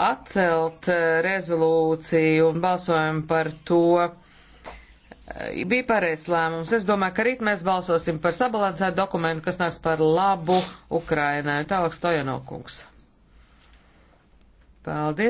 atcelt eh, rezolūciju un balsojumu par to eh, bija pareizs lēmums. Es domāju, ka rīt mēs balsosim par sabalansētu dokumentu, kas nāks par labu Ukrainai. Tālāk Stojanokungs. Paldies.